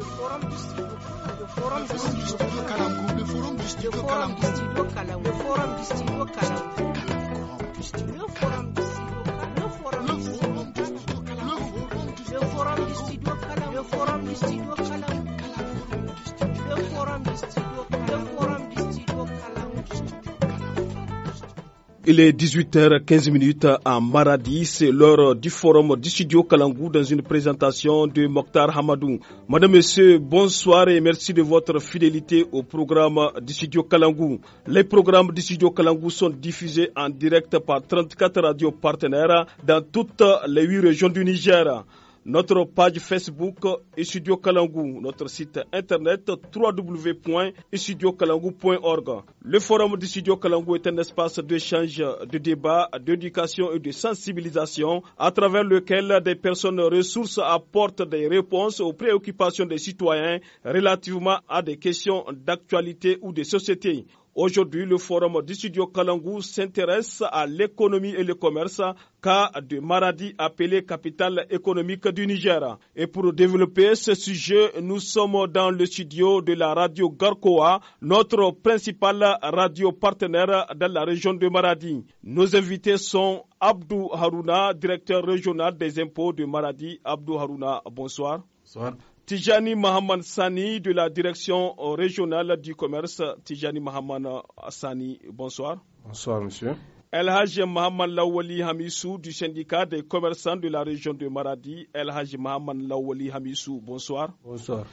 forum forum du forum forum forum Il est 18h15 à Maradi. C'est l'heure du forum du studio Kalangou dans une présentation de Mokhtar Hamadou. Madame, Monsieur, bonsoir et merci de votre fidélité au programme du studio Kalangou. Les programmes du studio Kalangou sont diffusés en direct par 34 radios partenaires dans toutes les huit régions du Niger notre page Facebook Studio Kalangu, notre site internet www.estudiokalangu.org. Le forum du Studio est un espace d'échange, de débat, d'éducation et de sensibilisation à travers lequel des personnes ressources apportent des réponses aux préoccupations des citoyens relativement à des questions d'actualité ou de société. Aujourd'hui, le forum du studio Kalangou s'intéresse à l'économie et le commerce, cas de Maradi appelé capitale économique du Niger. Et pour développer ce sujet, nous sommes dans le studio de la radio Garkoa, notre principale radio partenaire dans la région de Maradi. Nos invités sont Abdou Harouna, directeur régional des impôts de Maradi. Abdou Harouna, bonsoir. Bonsoir. Tijani Mahaman Sani de la direction régionale du commerce. Tijani Mahaman Sani, bonsoir. Bonsoir, monsieur. El Haj Mahaman Lawali Hamissou du syndicat des commerçants de la région de Maradi. El Haj Mahaman Lawali Hamissou, bonsoir. Bonsoir.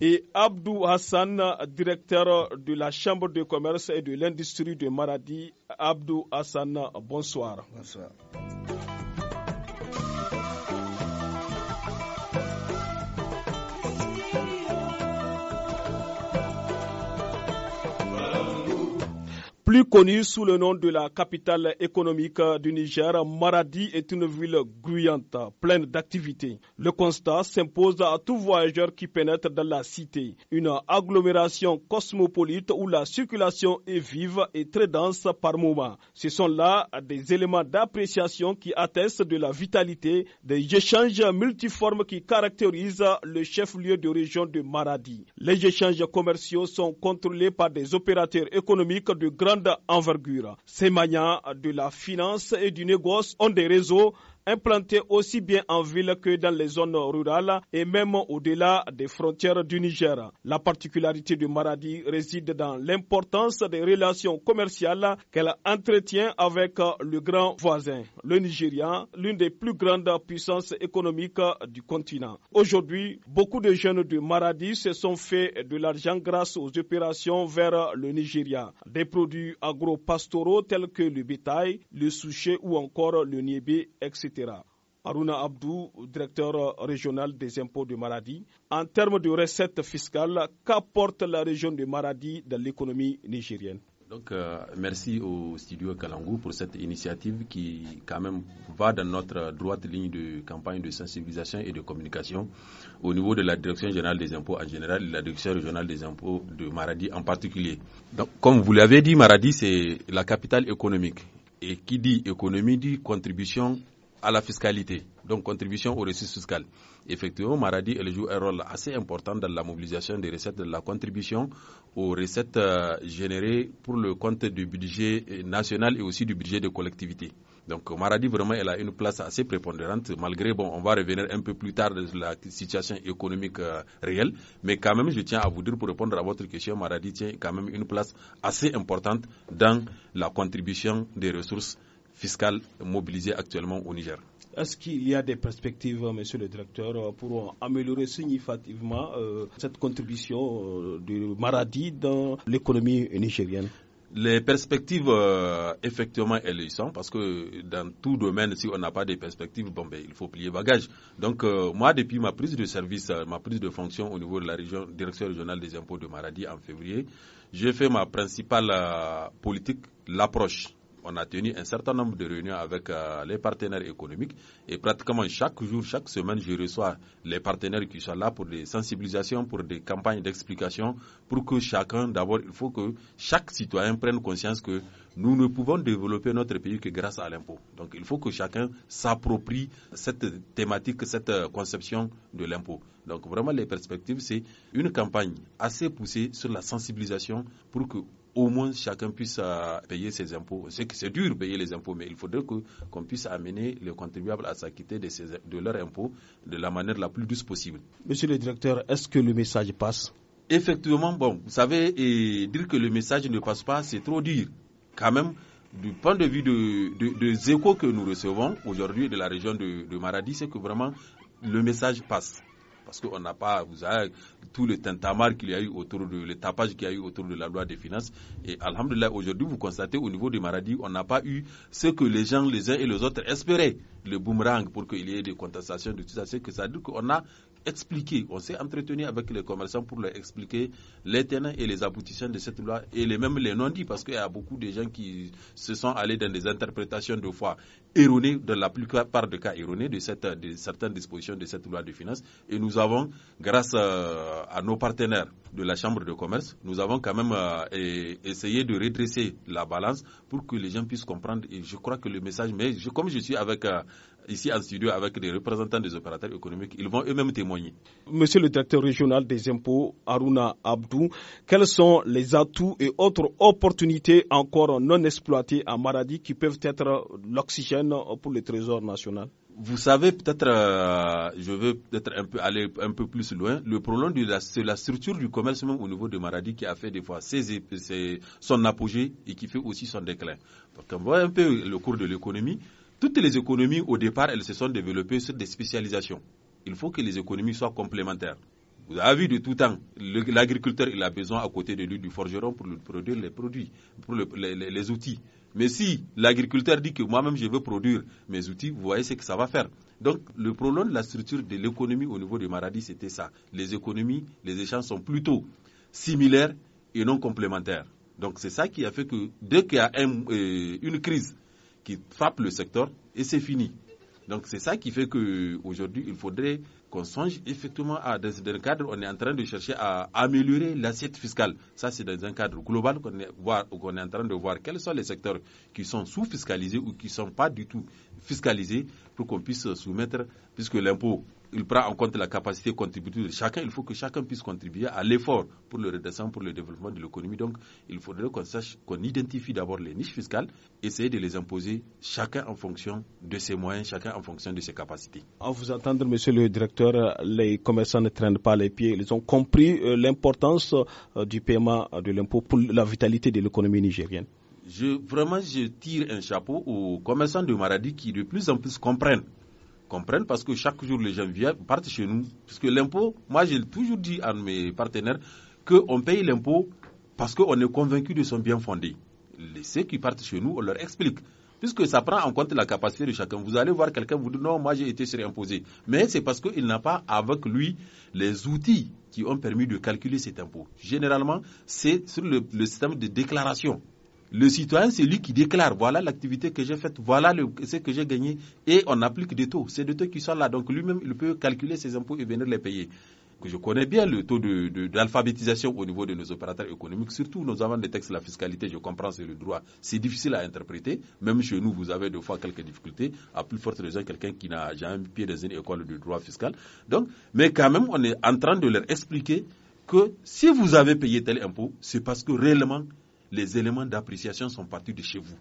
Et Abdou Hassan, directeur de la Chambre de commerce et de l'industrie de Maradi. Abdou Hassan, bonsoir. Bonsoir. Plus connue sous le nom de la capitale économique du Niger, Maradi est une ville gruyante, pleine d'activités. Le constat s'impose à tout voyageur qui pénètre dans la cité, une agglomération cosmopolite où la circulation est vive et très dense par moment. Ce sont là des éléments d'appréciation qui attestent de la vitalité des échanges multiformes qui caractérisent le chef-lieu de région de Maradi. Les échanges commerciaux sont contrôlés par des opérateurs économiques de grande envergure. Ces manières de la finance et du négoce ont des réseaux implanté aussi bien en ville que dans les zones rurales et même au-delà des frontières du Niger. La particularité du Maradi réside dans l'importance des relations commerciales qu'elle entretient avec le grand voisin, le Nigeria, l'une des plus grandes puissances économiques du continent. Aujourd'hui, beaucoup de jeunes de Maradi se sont fait de l'argent grâce aux opérations vers le Nigeria. Des produits agro-pastoraux tels que le bétail, le souché ou encore le niébé, etc. Aruna Abdou, directeur régional des impôts de Maradi. En termes de recettes fiscales, qu'apporte la région de Maradi dans l'économie nigérienne donc, euh, merci au studio Kalangou pour cette initiative qui, quand même, va dans notre droite ligne de campagne de sensibilisation et de communication au niveau de la Direction générale des impôts en général et la Direction régionale des impôts de Maradi en particulier. Donc, comme vous l'avez dit, Maradi, c'est la capitale économique. Et qui dit économie dit contribution à la fiscalité, donc contribution aux ressources fiscales. Effectivement, Maradi, elle joue un rôle assez important dans la mobilisation des recettes de la contribution aux recettes euh, générées pour le compte du budget national et aussi du budget de collectivité. Donc Maradi, vraiment, elle a une place assez prépondérante, malgré, bon, on va revenir un peu plus tard sur la situation économique euh, réelle, mais quand même, je tiens à vous dire, pour répondre à votre question, Maradi tient quand même une place assez importante dans la contribution des ressources fiscale mobilisée actuellement au Niger. Est-ce qu'il y a des perspectives, euh, monsieur le directeur, euh, pour euh, améliorer significativement cette contribution du Maradi dans l'économie nigérienne les perspectives, effectivement, elles sont parce que dans tout domaine, si on n'a pas des perspectives, bon, ben, il faut plier bagage. Donc, moi, depuis ma prise de service, ma prise de fonction au niveau de la région, direction régionale des impôts de Maradi en février, j'ai fait ma principale politique, l'approche on a tenu un certain nombre de réunions avec euh, les partenaires économiques et pratiquement chaque jour, chaque semaine, je reçois les partenaires qui sont là pour des sensibilisations, pour des campagnes d'explication, pour que chacun, d'abord, il faut que chaque citoyen prenne conscience que nous ne pouvons développer notre pays que grâce à l'impôt. Donc il faut que chacun s'approprie cette thématique, cette euh, conception de l'impôt. Donc vraiment les perspectives, c'est une campagne assez poussée sur la sensibilisation pour que au moins chacun puisse euh, payer ses impôts. C'est dur de payer les impôts, mais il faudrait qu'on puisse amener les contribuables à s'acquitter de, leurs impôts de la manière la plus douce possible. Monsieur le directeur, est-ce que le message passe Effectivement, bon, vous savez, dire que le message ne passe pas, c'est trop dur. Quand même, du point de vue des échos que nous recevons aujourd'hui de la région de, de Maradi, c'est que vraiment le message passe. Parce qu'on n'a pas, vous avez tout le tintamarre qu'il y a eu autour de, le tapage qu'il y a eu autour de la loi des finances. Et Alhamdulillah, aujourd'hui, vous constatez au niveau des maradis, on n'a pas eu ce que les gens, les uns et les autres espéraient, le boomerang, pour qu'il y ait des contestations de tout ça. C'est que ça dit qu'on a expliquer, on s'est entretenu avec les commerçants pour leur expliquer les tenants et les aboutissants de cette loi et les, même les non-dits, parce qu'il y a beaucoup de gens qui se sont allés dans des interprétations de fois erronées, dans la plupart des cas erronées de, certaines dispositions de cette loi de finances. Et nous avons, grâce euh, à, nos partenaires de la Chambre de commerce, nous avons quand même euh, essayé de redresser la balance pour que les gens puissent comprendre. Et je crois que le message, mais comme je suis avec euh, ici en studio avec des représentants des opérateurs économiques. Ils vont eux-mêmes témoigner. Monsieur le directeur régional des impôts, Aruna Abdou, quels sont les atouts et autres opportunités encore non exploitées à Maradi qui peuvent être l'oxygène pour le trésor national vous savez peut-être, euh, je veux peut-être un aller un peu plus loin. Le problème de la, structure du commerce même au niveau de Maradi qui a fait des fois ses, son apogée et qui fait aussi son déclin. Donc on voit un peu le cours de l'économie. Toutes les économies, au départ, elles se sont développées sur des spécialisations. Il faut que les économies soient complémentaires. Vous avez vu de tout temps, l'agriculteur, il a besoin à côté de lui du forgeron pour produire les produits, pour les, outils. Mais si l'agriculteur dit que moi-même je veux produire mes outils, vous voyez ce que ça va faire. Donc le problème de la structure de l'économie au niveau du Maradi, c'était ça. Les économies, les échanges sont plutôt similaires et non complémentaires. Donc c'est ça qui a fait que dès qu'il y a euh, une crise, qui frappe le secteur et c'est fini. Donc c'est ça qui fait qu'aujourd'hui, il faudrait qu'on songe effectivement à, dans un cadre, on est en train de chercher à améliorer l'assiette fiscale. Ça, c'est dans un cadre global qu'on est, qu'on est en train de voir quels sont les secteurs qui sont sous-fiscalisés ou qui ne sont pas du tout fiscalisés pour qu'on puisse soumettre, puisque l'impôt il prend en compte la capacité contributive de chacun. Il faut que chacun puisse contribuer à l'effort pour le redescendre, pour le développement de l'économie. Donc, il faudrait qu'on sache, qu'on identifie d'abord les niches fiscales, essayer de les imposer chacun en fonction de ses moyens, chacun en fonction de ses capacités. En vous entendre, monsieur le directeur, les commerçants ne traînent pas les pieds. Ils ont compris euh, l'importance euh, du paiement de l'impôt pour la vitalité de l'économie nigérienne. vraiment, je tire un chapeau aux commerçants de Maradi qui de plus en plus comprennent comprennent parce que chaque jour les gens viennent, partent chez nous. puisque l'impôt, moi j'ai toujours dit à mes partenaires qu'on paye l'impôt parce qu'on est convaincu de son bien fondé. Les, ceux qui partent chez nous, on leur explique. Puisque ça prend en compte la capacité de chacun. Vous allez voir quelqu'un vous dire non, moi j'ai été surimposé. Mais c'est parce qu'il n'a pas avec lui les outils qui ont permis de calculer cet impôt. Généralement, c'est sur le système de déclaration le citoyen, c'est lui qui déclare, voilà l'activité que j'ai faite, voilà ce que j'ai gagné, et on applique des taux. C'est des taux qui sont là, donc lui-même, il peut calculer ses impôts et venir les payer. Je connais bien le taux d'alphabétisation de, d'alphabétisation au niveau de nos opérateurs économiques, surtout nous avons des textes de la fiscalité, je comprends, c'est le droit. C'est difficile à interpréter, même chez nous, vous avez des fois quelques difficultés, à plus forte raison quelqu'un qui n'a jamais pied dans une école de droit fiscal. Donc, mais quand même, on est en train de leur expliquer que si vous avez payé tel impôt, c'est parce que réellement les éléments d'appréciation sont partis de chez vous.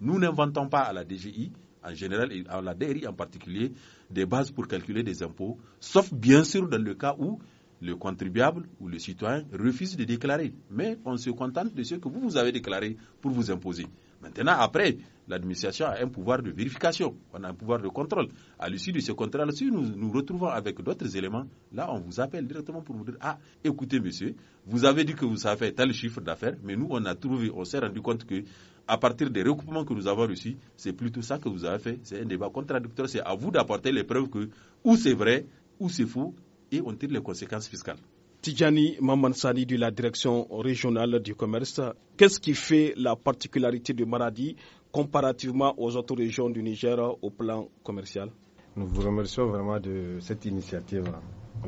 Nous n'inventons pas à la DGI, en général, et à la DRI en particulier, des bases pour calculer des impôts, sauf bien sûr dans le cas où le contribuable ou le citoyen refuse de déclarer. Mais on se contente de ce que vous, vous avez déclaré pour vous imposer. Maintenant, après, l'administration a un pouvoir de vérification, on a un pouvoir de contrôle. À l'issue de ce contrôle, si nous nous retrouvons avec d'autres éléments, là, on vous appelle directement pour vous dire Ah, écoutez, monsieur, vous avez dit que vous avez fait tel chiffre d'affaires, mais nous, on a trouvé, on s'est rendu compte que à partir des recoupements que nous avons reçus, c'est plutôt ça que vous avez fait. C'est un débat contradictoire. C'est à vous d'apporter les preuves que ou c'est vrai ou c'est faux et on tire les conséquences fiscales. Tidjani Mamansani de la direction régionale du commerce, qu'est-ce qui fait la particularité de Maradi comparativement aux autres régions du Niger au plan commercial Nous vous remercions vraiment de cette initiative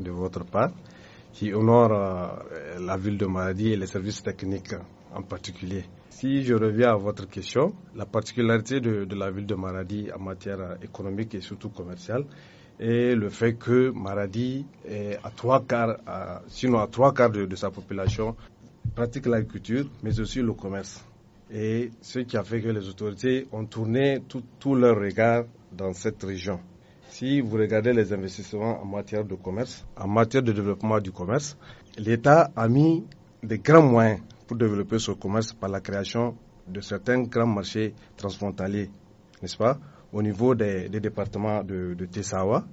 de votre part qui honore euh, la ville de Maradi et les services techniques en particulier. Si je reviens à votre question, la particularité de, de la ville de Maradi en matière économique et surtout commerciale, et le fait que Maradi, est à trois quarts, sinon à trois quarts de, sa population, pratique l'agriculture, mais aussi le commerce. Et ce qui a fait que les autorités ont tourné tout, leur regard dans cette région. Si vous regardez les investissements en matière de commerce, en matière de développement du commerce, l'État a mis des grands moyens pour développer ce commerce par la création de certains grands marchés transfrontaliers, n'est-ce pas au niveau des, départements de, de Tessawa,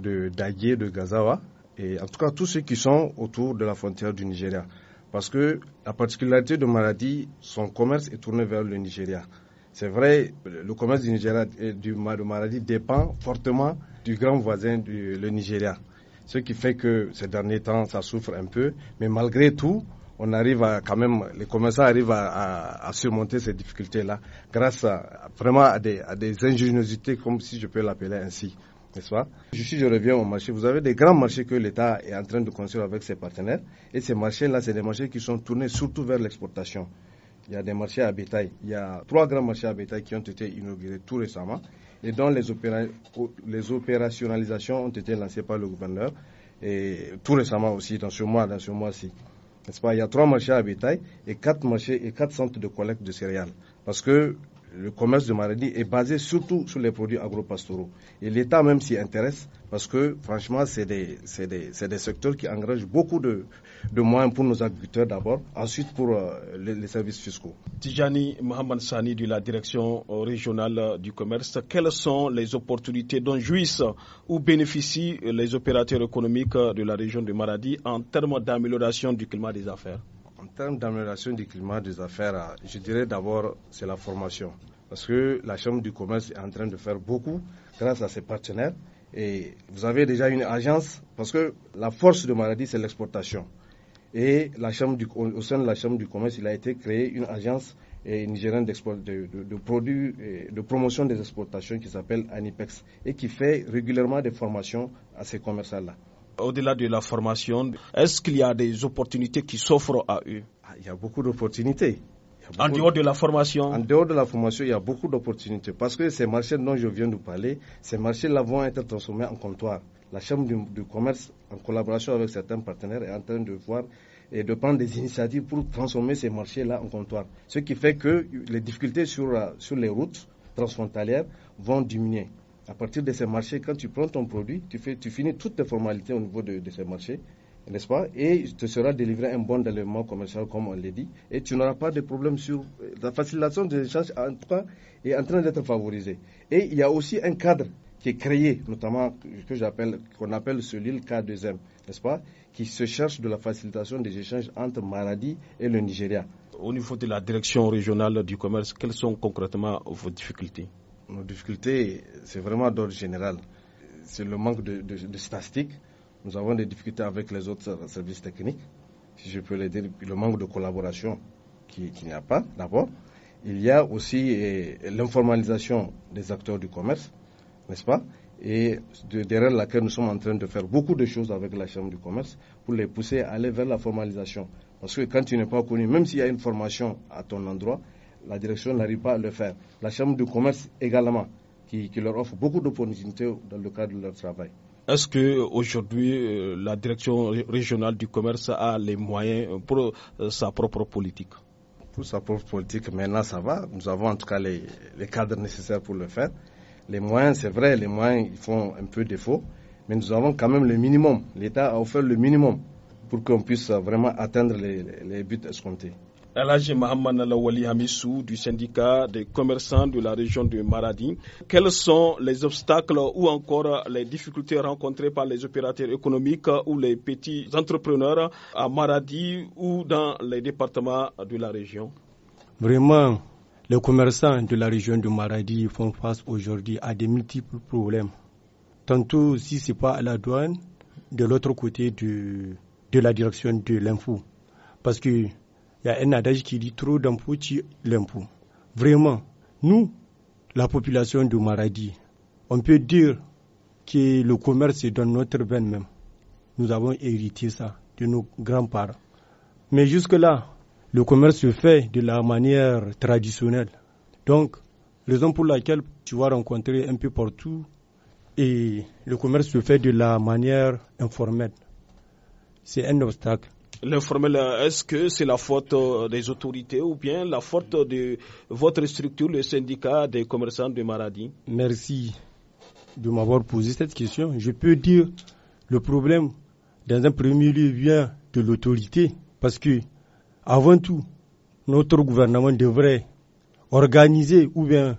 de Dagé, de Gazawa, et en tout cas tous ceux qui sont autour de la frontière du Nigeria. Parce que la particularité de Maradi, son commerce est tourné vers le Nigeria. C'est vrai, le commerce du Nigeria euh, du, de Maradi dépend fortement du grand voisin du le Nigeria. Ce qui fait que ces derniers temps, ça souffre un peu. Mais malgré tout, on arrive à, quand même, les commerçants arrivent à, à, surmonter ces difficultés-là grâce à, vraiment à des, à des ingéniosités, comme si je peux l'appeler ainsi. N'est-ce pas je reviens au marché, vous avez des grands marchés que l'État est en train de construire avec ses partenaires. Et ces marchés-là, c'est des marchés qui sont tournés surtout vers l'exportation. Il y a des marchés à bétail. Il y a trois grands marchés à bétail qui ont été inaugurés tout récemment et dont les, opérations les opérationnalisations ont été lancées par le gouverneur et tout récemment aussi, dans ce mois, dans ce mois-ci. Il y a trois marchés à bétail et quatre, marchés, et quatre centres de collecte de céréales. Parce que le commerce de Maradi est basé surtout sur les produits agropastoraux. Et l'État même s'y intéresse parce que franchement, c'est des, secteurs qui engagent beaucoup de, de moyens pour nos agriculteurs d'abord, ensuite pour euh, les, services fiscaux. Tijani Mohamed Sani de la direction régionale du commerce, quelles sont les opportunités dont jouissent ou bénéficient les opérateurs économiques de la région de Maradi en termes d'amélioration du climat des affaires en termes d'amélioration du climat des affaires, euh, je dirais d'abord c'est la formation. Parce que la Chambre du commerce est en train de faire beaucoup grâce à ses partenaires. Et vous avez déjà une agence, parce que la force de maladie, c'est l'exportation. Et au sein de la Chambre du commerce, il a été créé une agence euh, nigérienne de, euh, de promotion des exportations qui s'appelle ANIPEX et qui fait régulièrement des formations à ces commerçants-là au-delà de la formation, est-ce qu'il y a des opportunités qui s'offrent à eux ah, Il y a beaucoup d'opportunités. En dehors de la formation En dehors de la formation, il y a beaucoup d'opportunités. Parce que ces marchés dont je viens de parler, ces marchés-là vont être transformés en comptoirs. La Chambre du, commerce, en collaboration avec certains partenaires, est en train de voir et de prendre des initiatives pour transformer ces marchés-là en comptoirs. Ce qui fait que les difficultés sur les routes transfrontalières vont diminuer. À partir de ces marchés, quand tu prends ton produit, tu, fais, tu finis toutes tes formalités au niveau de, ces marchés, n'est-ce pas Et tu te sera délivré un bon élément commercial, comme on l'a dit, et tu n'auras pas de problème sur euh, la facilitation des échanges, en tout cas, est en train d'être favorisée. Et il y a aussi un cadre qui est créé, notamment que j'appelle, qu'on appelle celui K2M, n'est-ce pas, qui se cherche de la facilitation des échanges entre Maradi et le Nigeria. Au niveau de la direction régionale du commerce, quelles sont concrètement vos difficultés nos difficultés, c'est vraiment d'ordre général. C'est le manque de, de, statistiques. Nous avons des difficultés avec les autres services techniques, si je peux le dire, le manque de collaboration qui n'y a pas, d'abord. Il y a aussi eh, l'informalisation des acteurs du commerce, n'est-ce pas Et derrière laquelle nous sommes en train de faire beaucoup de choses avec la Chambre du commerce pour les pousser à aller vers la formalisation. Parce que quand tu n'es pas connu, même s'il y a une formation à ton endroit, la direction n'arrive pas à le faire. La Chambre du commerce également, qui, leur offre beaucoup d'opportunités dans le cadre de leur travail. Est-ce que aujourd'hui euh, la direction régionale du commerce a les moyens euh, pour euh, sa propre politique Pour sa propre politique, maintenant ça va. Nous avons en tout cas les, cadres nécessaires pour le faire. Les moyens, c'est vrai, les moyens font un peu défaut, mais nous avons quand même le minimum. L'État a offert le minimum pour qu'on puisse vraiment atteindre les buts escomptés. Alage Mohamed Nalawali Hamissou du syndicat des commerçants de la région de Maradi. Quels sont les obstacles ou encore les difficultés rencontrées par les opérateurs économiques ou les petits entrepreneurs à Maradi ou dans les départements de la région Vraiment, les commerçants de la région de Maradi font face aujourd'hui à des multiples problèmes. Tantôt, si ce n'est pas à la douane, de l'autre côté de, de la direction de l'info. Parce que il y a un adage qui dit trop d'impôts tu l'impôt. Vraiment, nous, la population de Maradi, on peut dire que le commerce est dans notre veine même. Nous avons hérité ça de nos grands-parents. Mais jusque-là, le commerce se fait de la manière traditionnelle. Donc, raison pour laquelle tu vas rencontrer un peu partout et le commerce se fait de la manière informelle. C'est un obstacle. L'informel, est-ce que c'est la faute euh, des autorités ou bien la faute de votre structure, le syndicat des commerçants de Maradi Merci de m'avoir posé cette question. Je peux dire le problème, dans un premier lieu, vient de l'autorité parce que, avant tout, notre gouvernement devrait organiser ou bien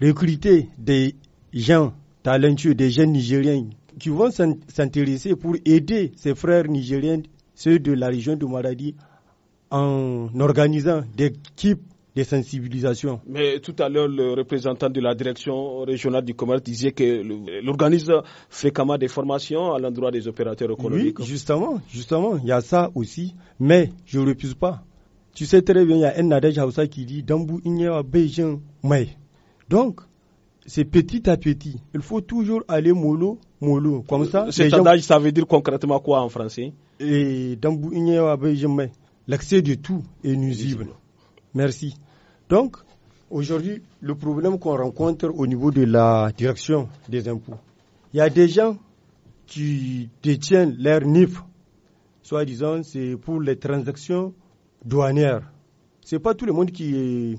recruter des gens talentueux, des jeunes nigériens qui vont s'intéresser pour aider ses frères nigériens ceux de la région de Maradi, en organisant des équipes de sensibilisation. Mais tout à l'heure, le représentant de la direction régionale du commerce disait que l'organise fréquemment des formations à l'endroit des opérateurs économiques. Oui, justement, justement, il y a ça aussi, mais je ne refuse pas. Tu sais très bien, il y a un adage Hausa qui dit Dambou Inia, Beijing Mai. Donc, c'est petit à petit. Il faut toujours aller mollo, mollo. Comme ça. Cet adage, ça veut dire concrètement quoi en français Et l'accès de tout est nuisible. Merci. Donc, aujourd'hui, le problème qu'on rencontre au niveau de la direction des impôts, il y a des gens qui détiennent leur NIF, soit disant c'est pour les transactions douanières. C'est pas tout le monde qui est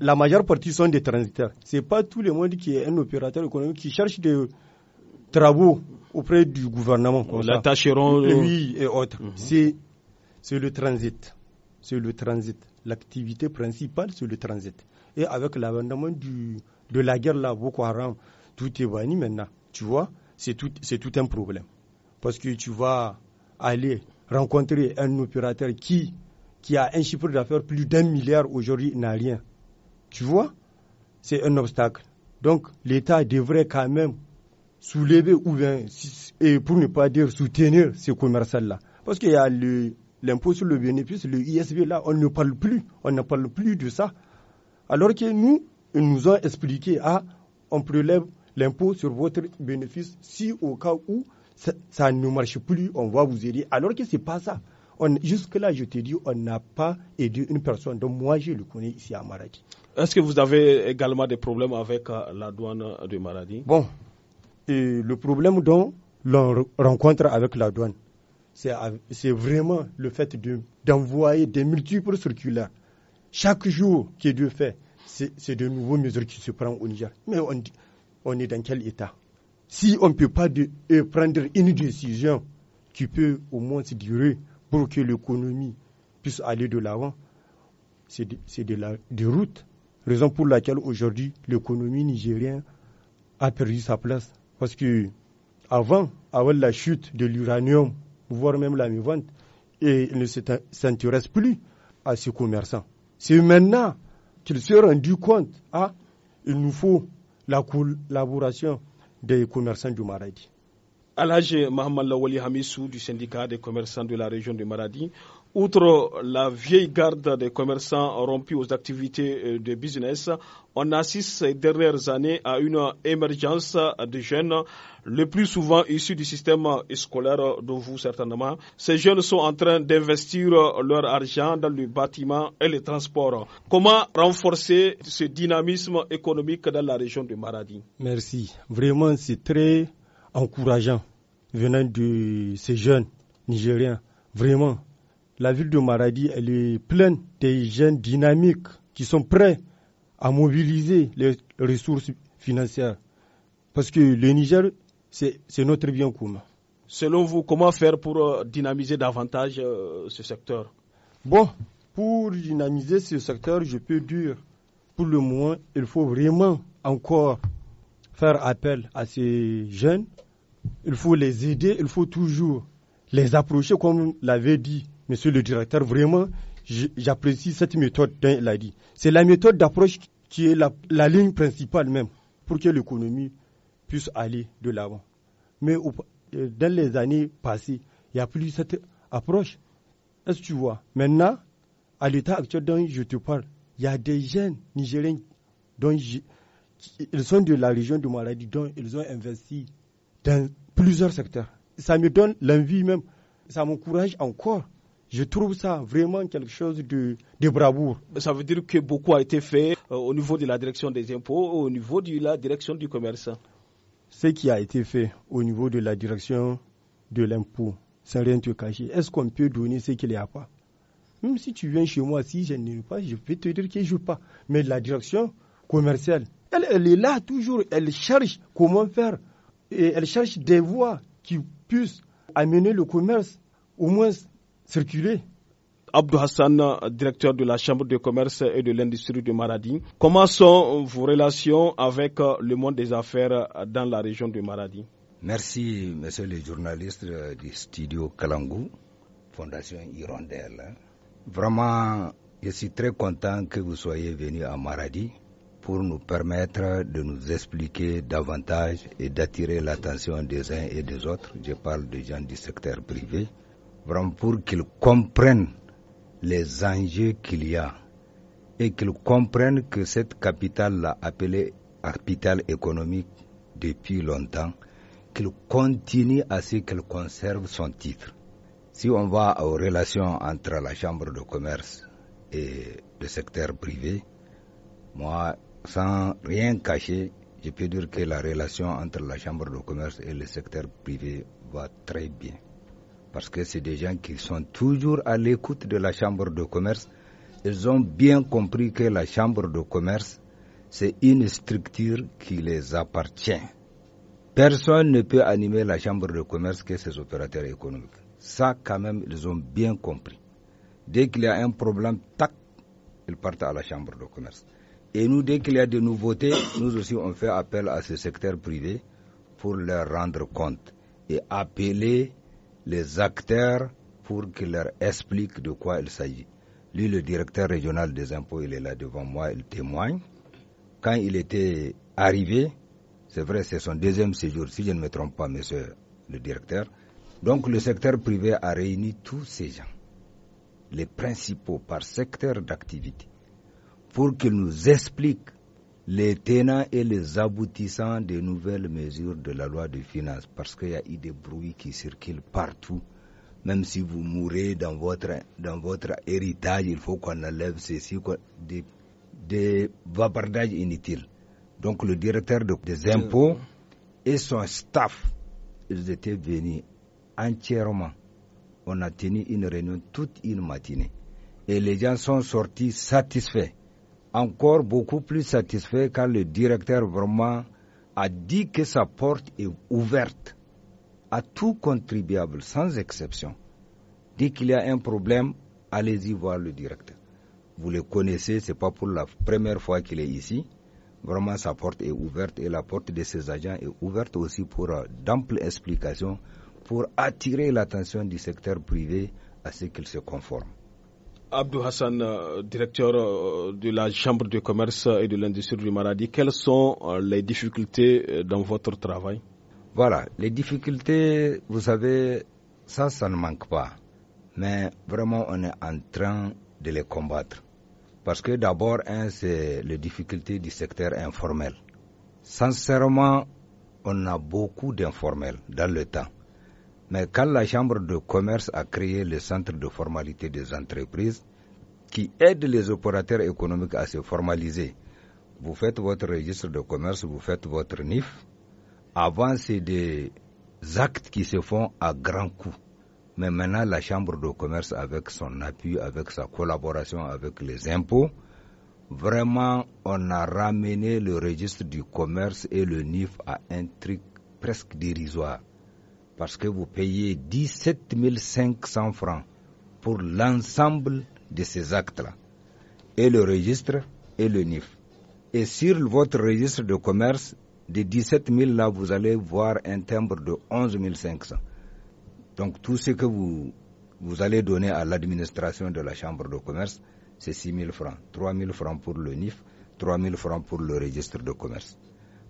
la majeure partie sont des transiteurs c'est pas tout le monde qui est un opérateur économique qui cherche des travaux auprès du gouvernement. L'attacheront. Oui, et autres. Mhm. C'est le transit. C'est le transit. L'activité principale, c'est le transit. Et avec l'abandon de la guerre là, Boko Haram, tout est banni maintenant. Tu vois, c'est tout, tout un problème. Parce que tu vas aller rencontrer un opérateur qui, qui a un chiffre d'affaires plus d'un milliard aujourd'hui, n'a rien tu vois C'est un obstacle. Donc l'État devrait quand même soulever ou bien, et pour ne pas dire soutenir ce commerçants-là. Parce qu'il y a l'impôt sur le bénéfice, le ISV, là, on ne parle plus, on ne parle plus de ça. Alors que nous, ils nous ont expliqué, ah, on prélève l'impôt sur votre bénéfice si au cas où ça, ne marche plus, on va vous aider. Alors que ce n'est pas ça. Jusque-là, je te dis, on n'a pas aidé une personne. Donc moi, je le connais ici à Marrakech. Est-ce que vous avez également des problèmes avec euh, la douane de maladie Bon, et le problème dont l'on rencontre avec la douane, c'est vraiment le fait d'envoyer des multiples circulaires. Chaque jour qui est de fait, c'est de nouvelles mesures qui se prennent au Niger. Mais on, on est dans quel état Si on ne peut pas euh, prendre une décision qui peut au moins se durer pour que l'économie puisse aller de l'avant, c'est de, la déroute. Raison pour laquelle aujourd'hui l'économie nigérienne a perdu sa place. Parce que avant, avant la chute de l'uranium, voire même la mi-vente, et ne s'intéresse plus à ces commerçants. C'est maintenant qu'il se rendu compte, ah, il nous faut la collaboration des commerçants du Maradi. Alage Hamissou du syndicat des commerçants de la région de Maradi. Outre la vieille garde des commerçants rompus aux activités euh, de business, on assiste ces dernières années à une émergence de jeunes, le plus souvent issus du système scolaire de vous certainement. Ces jeunes sont en train d'investir leur argent dans le bâtiment et les transports. Comment renforcer ce dynamisme économique dans la région de Maradi Merci. Vraiment, c'est très encourageant venant de ces jeunes nigériens. Vraiment la ville de Maradi, elle est pleine de jeunes dynamiques qui sont prêts à mobiliser les ressources financières. Parce que le Niger, c'est notre bien commun. Selon vous, comment faire pour euh, dynamiser davantage euh, ce secteur Bon, pour dynamiser ce secteur, je peux dire, pour le moins, il faut vraiment encore faire appel à ces jeunes. Il faut les aider, il faut toujours les approcher, comme l'avait dit Monsieur le directeur, vraiment, j'apprécie cette méthode dont il dit. C'est la méthode d'approche qui est la, ligne principale même pour que l'économie puisse aller de l'avant. Mais euh, dans les années passées, il n'y a plus cette approche. Est-ce que tu vois Maintenant, à l'état actuel dont je te parle, il y a des jeunes nigériens dont ils sont de la région de Maladi, dont ils ont investi dans plusieurs secteurs. Ça me donne l'envie même, ça m'encourage encore je trouve ça vraiment quelque chose de, de bravoure. Ça veut dire que beaucoup a été fait euh, au niveau de la direction des impôts, au niveau de la direction du commerce. Ce qui a été fait au niveau de la direction de l'impôt, sans rien te cacher, est-ce qu'on peut donner ce qu'il n'y a pas Même si tu viens chez moi, si je ne n'ai pas, je peux te dire que je joue pas. Mais la direction commerciale, elle, elle est là toujours, elle cherche comment faire. Et elle cherche des voies qui puissent amener le commerce, au moins circuler. Abdou Hassan, directeur de la Chambre de commerce et de l'industrie de Maradi. Comment sont vos relations avec euh, le monde des affaires euh, dans la région de Maradi Merci, monsieur le journaliste euh, du studio Kalangou, Fondation Hirondelle. Hein. Vraiment, je suis très content que vous soyez venu à Maradi pour nous permettre de nous expliquer davantage et d'attirer l'attention des uns et des autres. Je parle des gens du secteur privé pour qu'ils comprennent les enjeux qu'il y a et qu'ils comprennent que cette capitale l'a appelée capitale économique depuis longtemps, qu'il continue à ce qu'elle conserve son titre. Si on va aux relations entre la Chambre de commerce et le secteur privé, moi, sans rien cacher, je peux dire que la relation entre la Chambre de commerce et le secteur privé va très bien parce que c'est des gens qui sont toujours à l'écoute de la Chambre de commerce. Ils ont bien compris que la Chambre de commerce, c'est une structure qui les appartient. Personne ne peut animer la Chambre de commerce que ses opérateurs économiques. Ça, quand même, ils ont bien compris. Dès qu'il y a un problème, tac, ils partent à la Chambre de commerce. Et nous, dès qu'il y a des nouveautés, nous aussi, on fait appel à ce secteur privé pour leur rendre compte et appeler les acteurs pour qu'ils leur expliquent de quoi il s'agit. Lui, le directeur régional des impôts, il est là devant moi, il témoigne. Quand il était arrivé, c'est vrai, c'est son deuxième séjour, si je ne me trompe pas, monsieur le directeur. Donc le secteur privé a réuni tous ces gens, les principaux par secteur d'activité, pour qu'ils nous expliquent les tenants et les aboutissants des nouvelles mesures de la loi de finances, parce qu'il y a eu des bruits qui circulent partout. Même si vous mourrez dans votre, dans votre héritage, il faut qu'on enlève ceci, des, des inutiles. Donc le directeur des impôts et son staff, ils étaient venus entièrement. On a tenu une réunion toute une matinée. Et les gens sont sortis satisfaits encore beaucoup plus satisfait car le directeur vraiment a dit que sa porte est ouverte à tout contribuable, sans exception. Dès qu'il y a un problème, allez-y voir le directeur. Vous le connaissez, ce n'est pas pour la première fois qu'il est ici. Vraiment, sa porte est ouverte et la porte de ses agents est ouverte aussi pour euh, d'amples explications pour attirer l'attention du secteur privé à ce qu'il se conforme. Abdou Hassan, euh, directeur euh, de la Chambre de commerce et de l'industrie du Maradi, quelles sont euh, les difficultés dans votre travail Voilà, les difficultés, vous savez, ça, ça ne manque pas. Mais vraiment, on est en train de les combattre. Parce que d'abord, un, c'est les difficultés du secteur informel. Sincèrement, on a beaucoup d'informels dans le temps. Mais quand la Chambre de commerce a créé le centre de formalité des entreprises qui aide les opérateurs économiques à se formaliser, vous faites votre registre de commerce, vous faites votre NIF. Avant, c'est des actes qui se font à grands coûts. Mais maintenant, la Chambre de commerce, avec son appui, avec sa collaboration avec les impôts, vraiment, on a ramené le registre du commerce et le NIF à un truc presque dérisoire parce que vous payez 17 500 francs pour l'ensemble de ces actes-là. Et le registre et le NIF. Et sur votre registre de commerce, de 17 000 là, vous allez voir un timbre de 11 500. Donc tout ce que vous, vous allez donner à l'administration de la Chambre de commerce, c'est 6 000 francs. 3 000 francs pour le NIF, 3 000 francs pour le registre de commerce.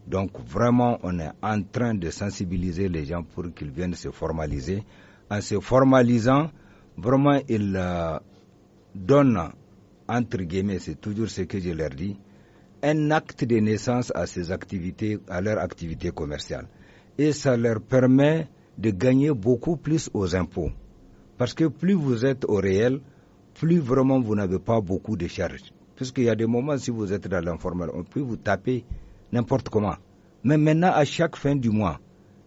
Donc vraiment, on est en train de sensibiliser les gens pour qu'ils viennent se formaliser. En se formalisant, vraiment, ils euh, donnent, entre guillemets, c'est toujours ce que je leur dis, un acte de naissance à ces activités, à leur activité commerciale. Et ça leur permet de gagner beaucoup plus aux impôts. Parce que plus vous êtes au réel, plus vraiment vous n'avez pas beaucoup de charges. Puisqu'il y a des moments, si vous êtes dans l'informel, on peut vous taper n'importe comment. Mais maintenant, à chaque fin du mois,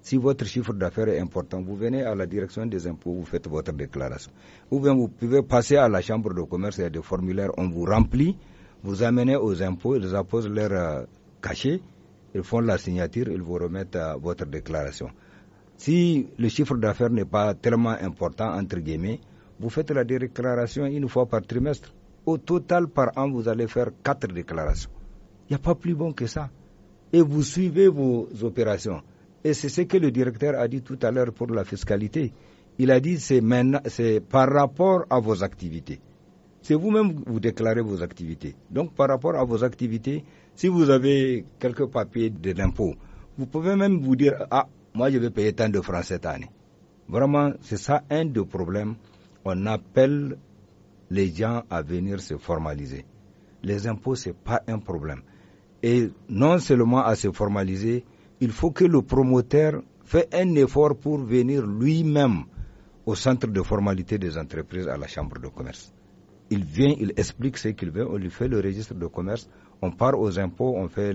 si votre chiffre d'affaires est important, vous venez à la direction des impôts, vous faites votre déclaration. Ou bien vous pouvez passer à la chambre de commerce, il y a des formulaires, on vous remplit, vous amenez aux impôts, ils apposent leur euh, cachet, ils font la signature, ils vous remettent euh, votre déclaration. Si le chiffre d'affaires n'est pas tellement important, entre guillemets, vous faites la déclaration une fois par trimestre. Au total, par an, vous allez faire quatre déclarations. Il n'y a pas plus bon que ça et vous suivez vos opérations. Et c'est ce que le directeur a dit tout à l'heure pour la fiscalité. Il a dit c'est c'est par rapport à vos activités. C'est vous-même vous déclarez vos activités. Donc par rapport à vos activités, si vous avez quelques papiers de vous pouvez même vous dire ah moi je vais payer tant de francs cette année. Vraiment, c'est ça un des problèmes. On appelle les gens à venir se formaliser. Les impôts c'est pas un problème. Et non seulement à se formaliser, il faut que le promoteur fait un effort pour venir lui-même au centre de formalité des entreprises à la chambre de commerce. Il vient, il explique ce qu'il veut, on lui fait le registre de commerce, on part aux impôts, on fait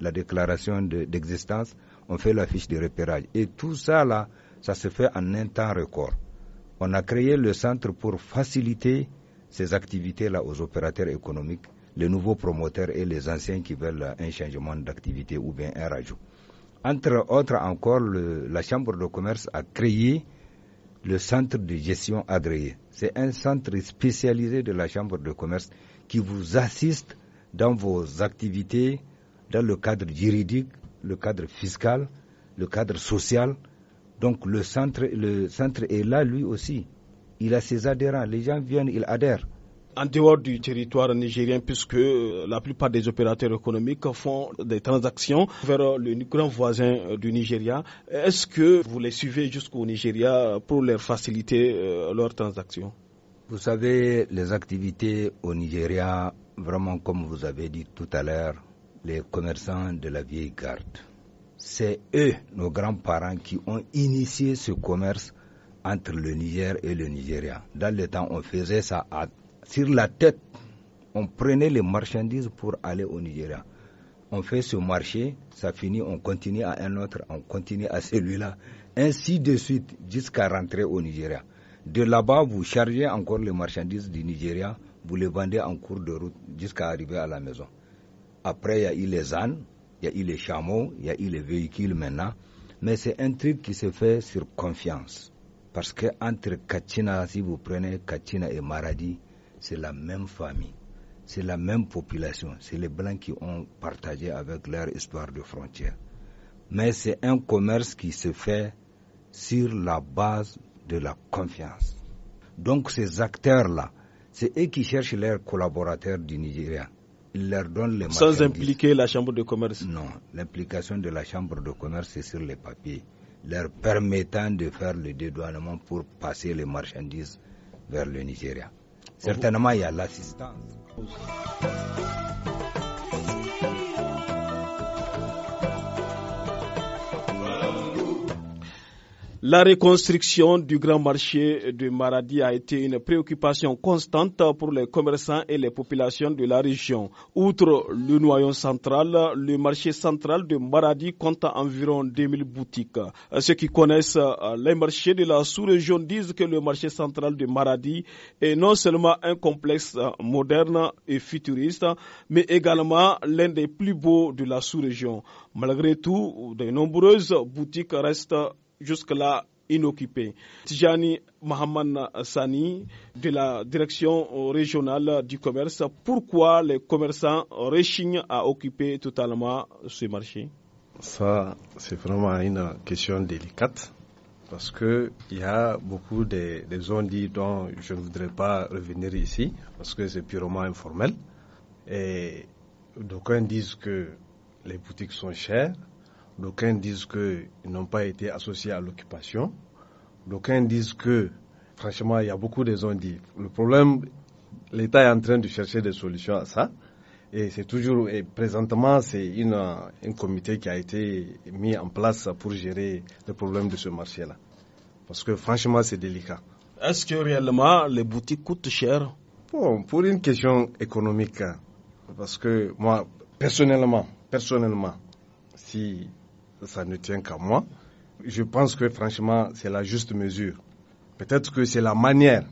la déclaration d'existence, on fait la fiche de repérage. Et tout ça là, ça se fait en un temps record. On a créé le centre pour faciliter ces activités là aux opérateurs économiques les nouveaux promoteurs et les anciens qui veulent un changement d'activité ou bien un rajout. Entre autres encore, la Chambre de commerce a créé le centre de gestion agréé. C'est un centre spécialisé de la Chambre de commerce qui vous assiste dans vos activités dans le cadre juridique, le cadre fiscal, le cadre social. Donc le centre, le centre est là lui aussi. Il a ses adhérents. Les gens viennent, ils adhèrent en dehors du territoire nigérien puisque euh, la plupart des opérateurs économiques font des transactions vers euh, le grand voisin euh, du Nigeria. Est-ce que vous les suivez jusqu'au Nigeria pour leur faciliter leurs transactions Vous savez, les activités au Nigeria, vraiment comme vous avez dit tout à l'heure, les commerçants de la vieille garde, c'est eux, nos grands-parents, qui ont initié ce commerce entre le Niger et le Nigeria. Dans le temps, on faisait ça à sur la tête, on prenait les marchandises pour aller au Nigeria. On fait ce marché, ça finit, on continue à un autre, on continue à celui-là, ainsi de suite jusqu'à rentrer au Nigeria. De là-bas, vous chargez encore les marchandises du Nigeria, vous les vendez en cours de route jusqu'à arriver à la maison. Après, il y a eu les ânes, il y a eu les chameaux, il y a eu les véhicules maintenant. Mais c'est un truc qui se fait sur confiance. Parce que entre Katina, si vous prenez Katina et Maradi, c'est la même famille, c'est la même population, c'est les Blancs qui ont partagé avec leur histoire de frontière. Mais c'est un commerce qui se fait sur la base de la confiance. Donc ces acteurs-là, c'est eux qui cherchent leurs collaborateurs du Nigeria. Ils leur donnent les Sans impliquer la chambre de commerce Non, l'implication de la chambre de commerce, c'est sur les papiers, leur permettant de faire le dédouanement pour passer les marchandises vers le Nigeria. Certainement, il y a l'assistance. La reconstruction du grand marché de Maradi a été une préoccupation constante pour les commerçants et les populations de la région. Outre le noyau central, le marché central de Maradi compte environ 2000 boutiques. Ceux qui connaissent euh, les marchés de la sous-région disent que le marché central de Maradi est non seulement un complexe euh, moderne et futuriste, mais également l'un des plus beaux de la sous-région. Malgré tout, de nombreuses boutiques restent jusque-là inoccupé. Tijani Mohamed Sani de la direction régionale du commerce, pourquoi les commerçants réchignent à occuper totalement ce marché Ça, c'est vraiment une question délicate parce qu'il y a beaucoup de, zones dites dont je ne voudrais pas revenir ici parce que c'est purement informel. Et d'aucuns disent que les boutiques sont chères, D'aucuns disent qu'ils n'ont pas été associés à l'occupation. D'aucuns disent que, franchement, il y a beaucoup de ont dit. Le problème, l'État est en train de chercher des solutions à ça. Et c'est toujours, et présentement, c'est une, un comité qui a été mis en place pour gérer le problème de ce marché-là. Parce que franchement, c'est délicat. Est-ce que réellement les boutiques coûtent cher Bon, pour une question économique, hein, parce que moi, personnellement, personnellement, si ça ne tient qu'à moi. Je pense que franchement, c'est la juste mesure. Peut-être que c'est la manière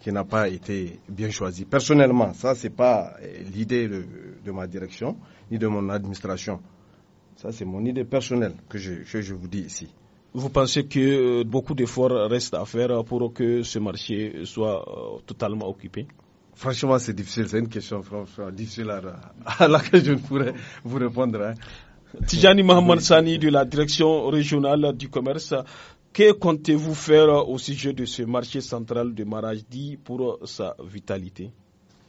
qui n'a pas été bien choisie. Personnellement, ça, ce n'est pas euh, l'idée de, ma direction ni de mon administration. Ça, c'est mon idée personnelle que je, vous dis ici. Vous pensez que euh, beaucoup d'efforts restent à faire pour que ce marché soit euh, totalement occupé Franchement, c'est difficile. C'est une question difficile à, laquelle je ne pourrais vous répondre. Hein. Tijani Mahmoud Sani de la direction régionale du commerce. Que comptez-vous faire au sujet de ce marché central de Marajdi pour sa vitalité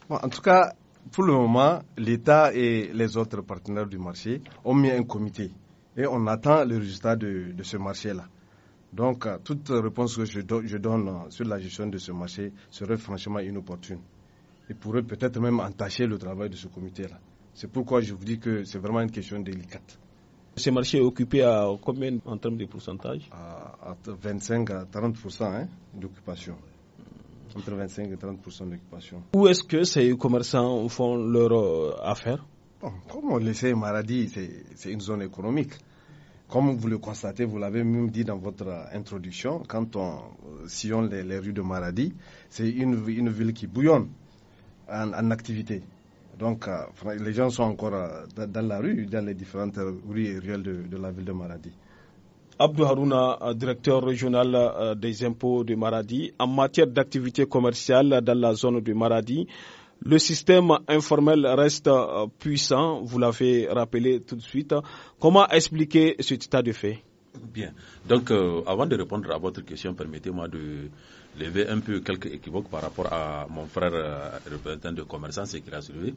En tout cas, pour le moment, l'État et les autres partenaires du marché ont mis un comité et on attend le résultat de, ce marché-là. Donc, toute réponse que je, je donne sur la gestion de ce marché serait franchement inopportune et pourrait peut-être même entacher le travail de ce comité-là. C'est pourquoi je vous dis que c'est vraiment une question délicate. Ces marchés occupés à combien en termes de pourcentage à, 25 à 30 hein, d'occupation. Entre 25 et 30 d'occupation. Où est-ce que ces commerçants font leur euh, affaire Comme on le sait, Maradi, c'est une zone économique. Comme vous le constatez, vous l'avez même dit dans votre introduction, quand on euh, sillonne les, rues de Maradi, c'est une, ville qui bouillonne en activité. Donc, euh, les gens sont encore euh, dans la rue, dans les différentes rues et ruelles de, la ville de Maradi. Abdou Harouna, euh, directeur régional des impôts de Maradi, en matière d'activité commerciale dans la zone de Maradi, le système informel reste puissant, vous l'avez rappelé tout de suite. Comment expliquer ce état de fait Bien. Donc, avant de répondre à votre question, permettez-moi de lever un peu quelques équivoques par rapport à mon frère euh, représentant de commerçants, c'est qu'il a soulevé.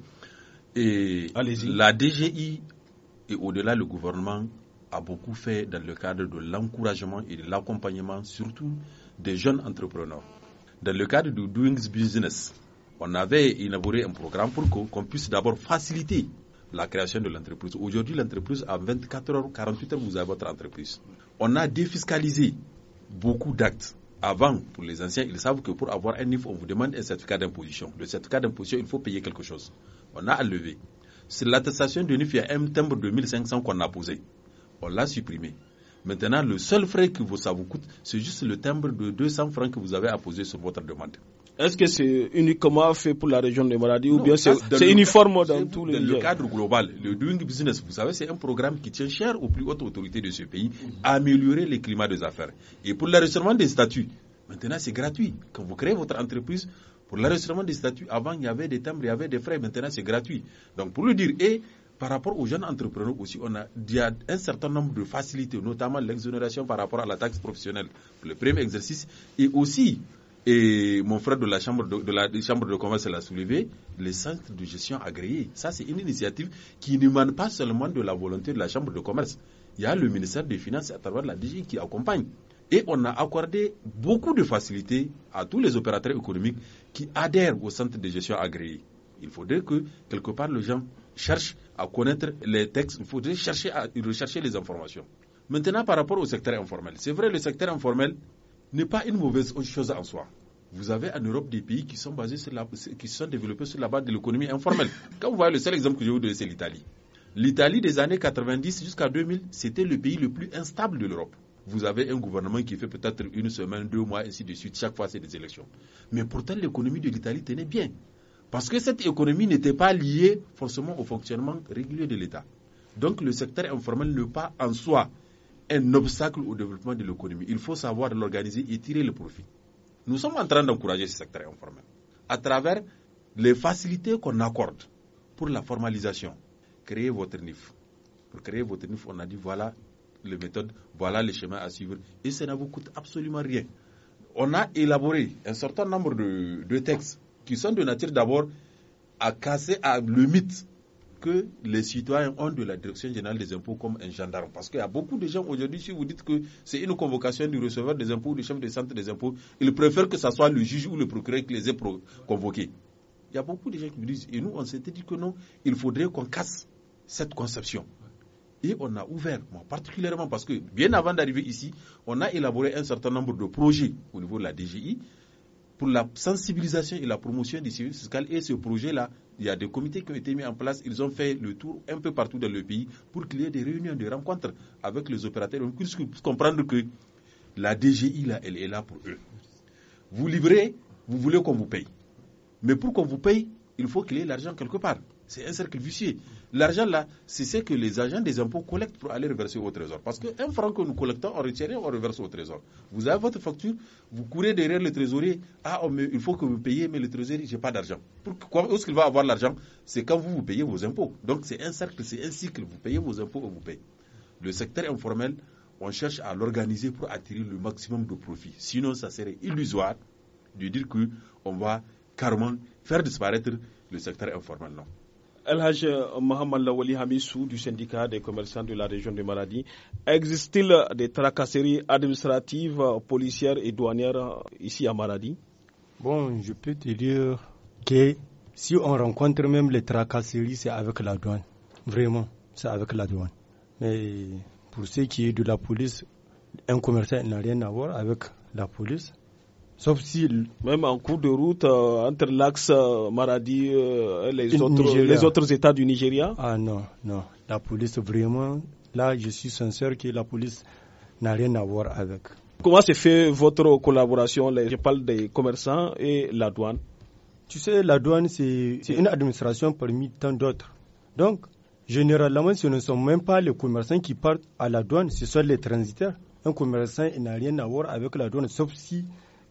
Et la DGI et au-delà, le gouvernement a beaucoup fait dans le cadre de l'encouragement et de l'accompagnement, surtout des jeunes entrepreneurs. Dans le cadre du Doing Business, on avait élaboré un programme pour qu'on puisse d'abord faciliter la création de l'entreprise. Aujourd'hui, l'entreprise, à 24 heures, 48 heures, vous avez votre entreprise. On a défiscalisé beaucoup d'actes avant, pour les anciens, ils savent que pour avoir un NIF, on vous demande un certificat d'imposition. De Le certificat d'imposition, il faut payer quelque chose. On a levé. Sur l'attestation du NIF, il y a un timbre de 1500 qu'on a posé. On l'a supprimé. Maintenant, le seul frais que ça vous coûte, c'est juste le timbre de 200 francs que vous avez apposé sur votre demande. Est-ce que c'est uniquement fait pour la région de Maladie ou bien c'est uniforme dans tout le Dans le cadre global, le Doing Business, vous savez, c'est un programme qui tient cher aux plus hautes autorités de ce pays, à améliorer le climat des affaires. Et pour l'enregistrement des statuts, maintenant c'est gratuit. Quand vous créez votre entreprise, pour l'enregistrement des statuts, avant il y avait des timbres, il y avait des frais, maintenant c'est gratuit. Donc pour le dire, et par rapport aux jeunes entrepreneurs aussi, on a, il y a un certain nombre de facilités, notamment l'exonération par rapport à la taxe professionnelle pour le premier exercice, et aussi et mon frère de la Chambre de, la chambre de commerce l'a soulevé, les centres de gestion agréés. Ça, c'est une initiative qui n'émane pas seulement de la volonté de la Chambre de commerce. Il y a le ministère des Finances à travers la DG qui accompagne. Et on a accordé beaucoup de facilités à tous les opérateurs économiques qui adhèrent aux centres de gestion agréés. Il faudrait que, quelque part, les gens cherchent à connaître les textes, il faudrait chercher à rechercher les informations. Maintenant, par rapport au secteur informel, c'est vrai, le secteur informel n'est pas une mauvaise chose en soi. Vous avez en Europe des pays qui sont basés sur la, qui sont développés sur la base de l'économie informelle. Quand vous voyez le seul exemple que je vais vous donner, c'est l'Italie. L'Italie des années 90 jusqu'à 2000, c'était le pays le plus instable de l'Europe. Vous avez un gouvernement qui fait peut-être une semaine, deux mois, ainsi de suite. Chaque fois, c'est des élections. Mais pourtant, l'économie de l'Italie tenait bien. Parce que cette économie n'était pas liée forcément au fonctionnement régulier de l'État. Donc, le secteur informel n'est pas en soi un obstacle au développement de l'économie. Il faut savoir l'organiser et tirer le profit. Nous sommes en train d'encourager ce secteur informel à travers les facilités qu'on accorde pour la formalisation. Créez votre NIF. Pour créer votre NIF, on a dit voilà les méthodes, voilà les chemins à suivre. Et ça ne vous coûte absolument rien. On a élaboré un certain nombre de, textes qui sont de nature d'abord à casser à le mythe que les citoyens ont de la Direction générale des impôts comme un gendarme. Parce qu'il y a beaucoup de gens aujourd'hui, si vous dites que c'est une convocation du receveur des impôts ou du chef des centres des impôts, ils préfèrent que ce soit le juge ou le procureur qui les ait convoqués. Il y a beaucoup de gens qui me disent, et nous, on s'était dit que non, il faudrait qu'on casse cette conception. Et on a ouvert, moi particulièrement, parce que bien avant d'arriver ici, on a élaboré un certain nombre de projets au niveau de la DGI pour la sensibilisation et la promotion du services fiscal. Et ce projet-là, il y a des comités qui ont été mis en place. Ils ont fait le tour un peu partout dans le pays pour qu'il y ait des réunions, des rencontres avec les opérateurs. pour comprendre que la DGI, là, elle est là pour eux. Vous livrez, vous voulez qu'on vous paye. Mais pour qu'on vous paye, il faut qu'il y ait l'argent quelque part. C'est un cercle vicieux. L'argent là, c'est ce que les agents des impôts collectent pour aller reverser au trésor. Parce qu'un franc que nous collectons, on retire et on reverse au trésor. Vous avez votre facture, vous courez derrière le trésorier. Ah, oh, il faut que vous payiez, mais le trésorier, n'ai pas d'argent. Pourquoi est-ce qu'il va avoir l'argent C'est quand vous, vous payez vos impôts. Donc c'est un cercle, c'est un cycle. Vous payez vos impôts et vous payez. Le secteur informel, on cherche à l'organiser pour attirer le maximum de profits. Sinon, ça serait illusoire de dire qu'on va carrément faire disparaître le secteur informel. Non. Hajj euh, Mohamed Lawali Hamissou du syndicat des commerçants de la région de Maradi, existe-t-il des tracasseries administratives, policières et douanières euh, ici à Maradi Bon, je peux te dire que si on rencontre même les tracasseries, c'est avec la douane. Vraiment, c'est avec la douane. Mais pour ce qui est de la police, un commerçant n'a rien à voir avec la police. Sauf si, même en cours de route, euh, entre l'axe euh, Maradi euh, et les autres, les autres États du Nigeria Ah non, non. La police, vraiment, là, je suis sincère que la police n'a rien à voir avec. Comment s'est fait votre collaboration Je parle des commerçants et la douane. Tu sais, la douane, c'est une administration parmi tant d'autres. Donc, généralement, ce ne sont même pas les commerçants qui partent à la douane, ce sont les transitaires. Un commerçant n'a rien à voir avec la douane, sauf si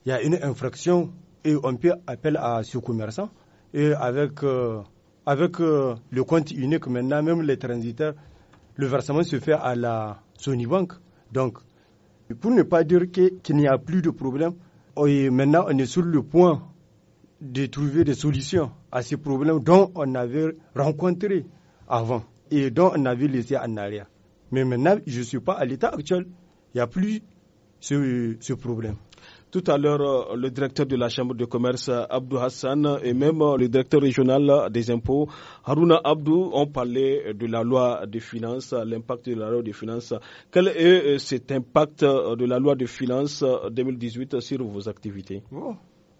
il y a une infraction et on peut appeler à ce commerçant. Et avec, euh, avec euh, le compte unique, maintenant, même les transiteurs, le versement se fait à la Sony Bank. Donc, pour ne pas dire qu'il n'y a plus de problème, et maintenant on est sur le point de trouver des solutions à ces problèmes dont on avait rencontré avant et dont on avait laissé en arrière. Mais maintenant, je ne suis pas à l'état actuel. Il n'y a plus ce problème. Tout à l'heure, euh, le directeur de la Chambre de commerce, Abdou Hassan, et même euh, le directeur régional des impôts, Haruna Abdou, ont parlé de la loi de finances, l'impact de la loi de finances. Quel est euh, cet impact de la loi de finances 2018 sur vos activités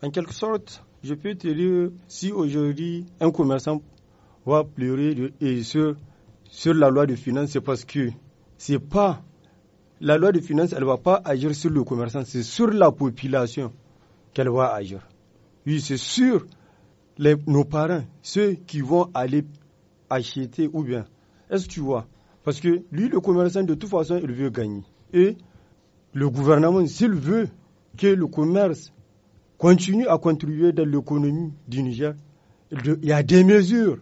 En quelque sorte, je peux te dire, si aujourd'hui un commerçant va pleurer sur, la loi de finances, c'est parce que ce n'est pas la loi de finances, elle ne va pas agir sur le commerçant, c'est sur la population qu'elle va agir. Oui, c'est sur nos parents, ceux qui vont aller acheter ou bien. Est-ce que tu vois Parce que lui, le commerçant, de toute façon, il veut gagner. Et le gouvernement, s'il veut que le commerce continue à contribuer dans l'économie du Niger, il y a des mesures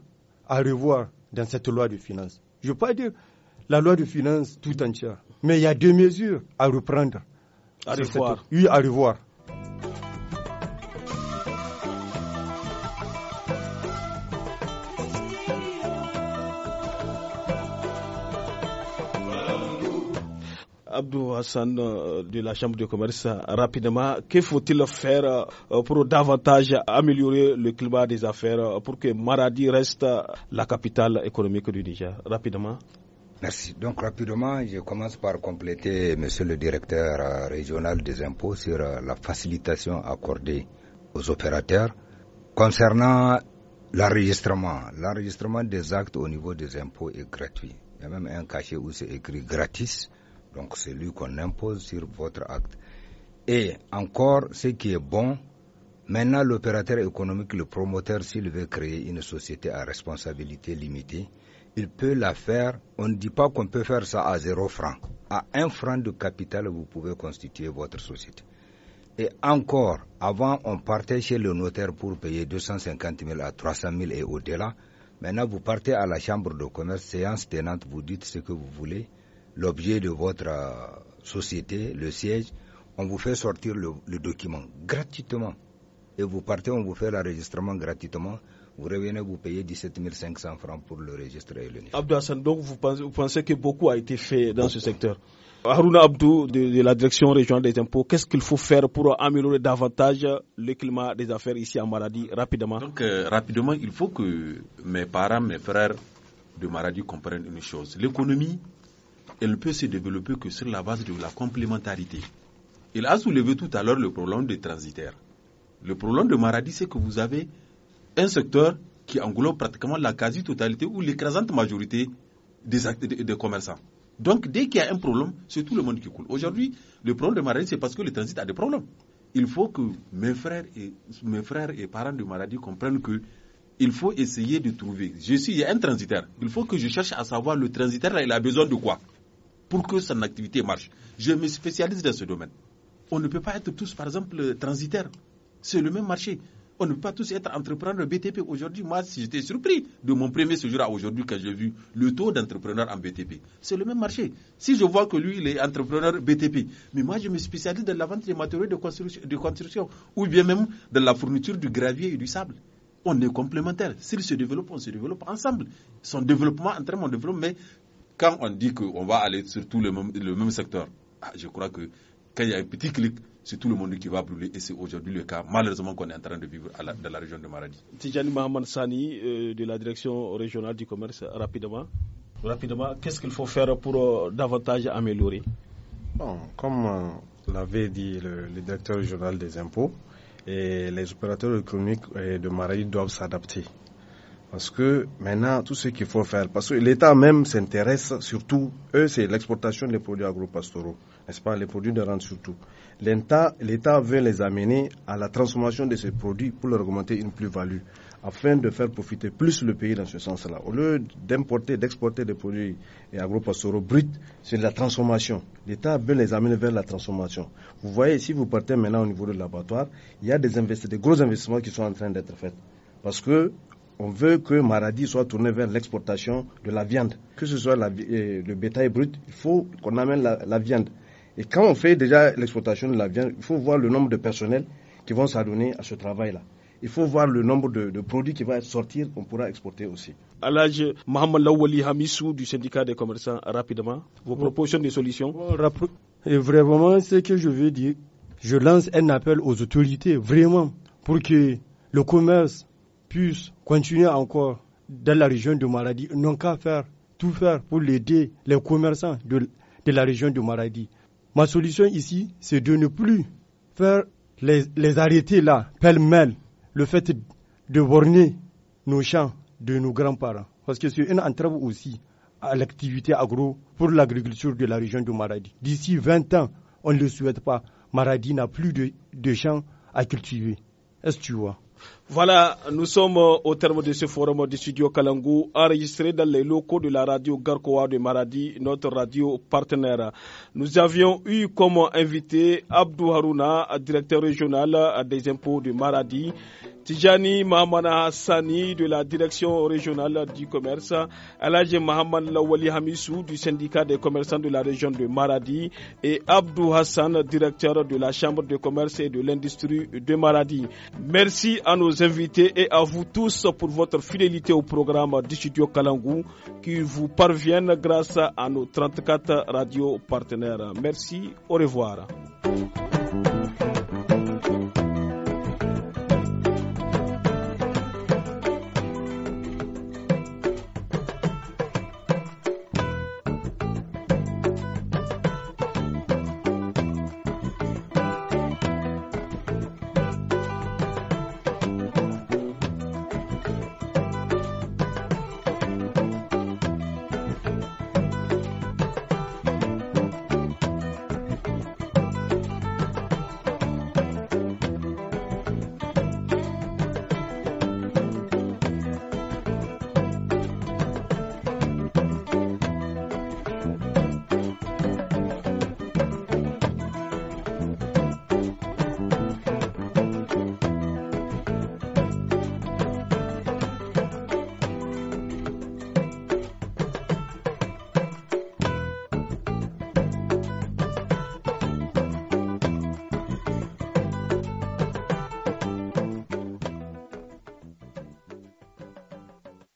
à revoir dans cette loi de finances. Je ne veux pas dire la loi de finances tout entière. Mais il y a deux mesures à reprendre. À revoir. Oui, à revoir. Abdou Hassan euh, de la Chambre de commerce, rapidement, que faut-il faire euh, pour davantage améliorer le climat des affaires euh, pour que Maradi reste la capitale économique du Niger Rapidement. Merci. Donc rapidement, je commence par compléter, monsieur le directeur euh, régional des impôts, sur euh, la facilitation accordée aux opérateurs. Concernant l'enregistrement, l'enregistrement des actes au niveau des impôts est gratuit. Il y a même un cachet où c'est écrit gratis, donc c'est lui qu'on impose sur votre acte. Et encore, ce qui est bon, maintenant l'opérateur économique, le promoteur, s'il veut créer une société à responsabilité limitée, il peut la faire. On ne dit pas qu'on peut faire ça à zéro franc. À un franc de capital, vous pouvez constituer votre société. Et encore, avant, on partait chez le notaire pour payer 250 000 à 300 000 et au-delà. Maintenant, vous partez à la chambre de commerce, séance tenante, vous dites ce que vous voulez, l'objet de votre euh, société, le siège. On vous fait sortir le document gratuitement. Et vous partez, on vous fait l'enregistrement gratuitement. Vous revenez, vous payez 17 500 francs pour le registre et le Abdou Hassan, donc vous pensez, que beaucoup a été fait dans ce secteur Harouna Abdou, de, la direction régionale des impôts, qu'est-ce qu'il faut faire pour améliorer davantage le climat des affaires ici à Maradi rapidement Donc, euh, rapidement, il faut que mes parents, mes frères de Maradi comprennent une chose. L'économie, elle peut se développer que sur la base de la complémentarité. Il a soulevé tout à l'heure le problème des transitaires. Le problème de Maradi, c'est que vous avez un secteur qui englobe pratiquement la quasi-totalité ou l'écrasante majorité des, des, commerçants. Donc, dès qu'il y a un problème, c'est tout le monde qui coule. Aujourd'hui, le problème de Maradi, c'est parce que le transit a des problèmes. Il faut que mes frères et, mes frères et parents de maladie comprennent que il faut essayer de trouver. Je suis un transitaire. Il faut que je cherche à savoir le transitaire, il a besoin de quoi pour que son activité marche. Je me spécialise dans ce domaine. On ne peut pas être tous, par exemple, transitaires. C'est le même marché. On ne peut pas tous être entrepreneurs BTP aujourd'hui. Moi, j'étais surpris de mon premier séjour à aujourd'hui quand j'ai vu le taux d'entrepreneurs en BTP. C'est le même marché. Si je vois que lui, il est entrepreneur BTP, mais moi, je me spécialise dans la vente des matériaux de construction, de construction ou bien même dans la fourniture du gravier et du sable on est complémentaires. S'il se développe, on se développe ensemble. Son développement entraîne mon développement, mais quand on dit qu'on va aller sur tout le même, le secteur, ah, je crois que quand il y a un petit clic, c'est tout le monde qui va brûler et c'est aujourd'hui le cas malheureusement qu'on est en train de vivre dans la région de Maradi. Tijani Mahamad Sani euh, de la direction régionale du commerce, rapidement, rapidement qu'est-ce qu'il faut faire pour euh, davantage améliorer bon, Comme euh, l'avait dit le, directeur général des impôts, les opérateurs économiques de Maradi doivent s'adapter. Parce que maintenant, tout ce qu'il faut faire, parce que l'État même s'intéresse surtout, eux, c'est l'exportation des produits agro-pastoraux, n'est-ce pas, les produits de rente surtout. L'État veut les amener à la transformation de ces produits pour leur augmenter une plus-value, afin de faire profiter plus le pays dans ce sens-là. Au lieu d'importer, d'exporter des produits agro-pastoraux bruts, c'est la transformation. L'État veut les amener vers la transformation. Vous voyez, si vous partez maintenant au niveau du laboratoire, il y a des, des gros investissements qui sont en train d'être faits parce que on veut que Maradi soit tourné vers l'exportation de la viande. Que ce soit euh, le bétail brut, il faut qu'on amène la, viande. Et quand on fait déjà l'exportation de la viande, il faut voir le nombre de personnels qui vont s'adonner à ce travail-là. Il faut voir le nombre de, produits qui vont sortir, on pourra exporter aussi. l'âge Mohamed Lawali Hamissou du syndicat des commerçants, rapidement, vos propositions de solutions Et Vraiment, ce que je veux dire, je lance un appel aux autorités, vraiment, pour que le commerce puisse continuer encore dans la région de Maradi. Ils n'ont qu'à faire, tout faire pour aider les commerçants de, la région de Maradi. Ma solution ici, c'est de ne plus faire les, arrêter là, pêle-mêle, le fait de borner nos champs de nos grands-parents. Parce que c'est une entrave aussi à l'activité agro pour l'agriculture de la région de Maradi. D'ici 20 ans, on ne le souhaite pas. Maradi n'a plus de, de champs à cultiver. Est-ce que tu vois voilà, nous sommes euh, au terme de ce forum de studio Kalangou, enregistré dans les locaux de la radio Garkoa de Maradi, notre radio partenaire. Nous avions eu comme invité Abdou Harouna, directeur régional des impôts de Maradi, Tijani Mahamana Hassani de la direction régionale du commerce, Alaj Mahamana Lawali Hamissou du syndicat des commerçants de la région de Maradi et Abdou Hassan, directeur de la chambre de commerce et de l'industrie de Maradi. Merci à nos invités et à vous tous pour votre fidélité au programme du studio Kalangou qui vous parvient grâce à nos 34 radios partenaires. Merci, au revoir.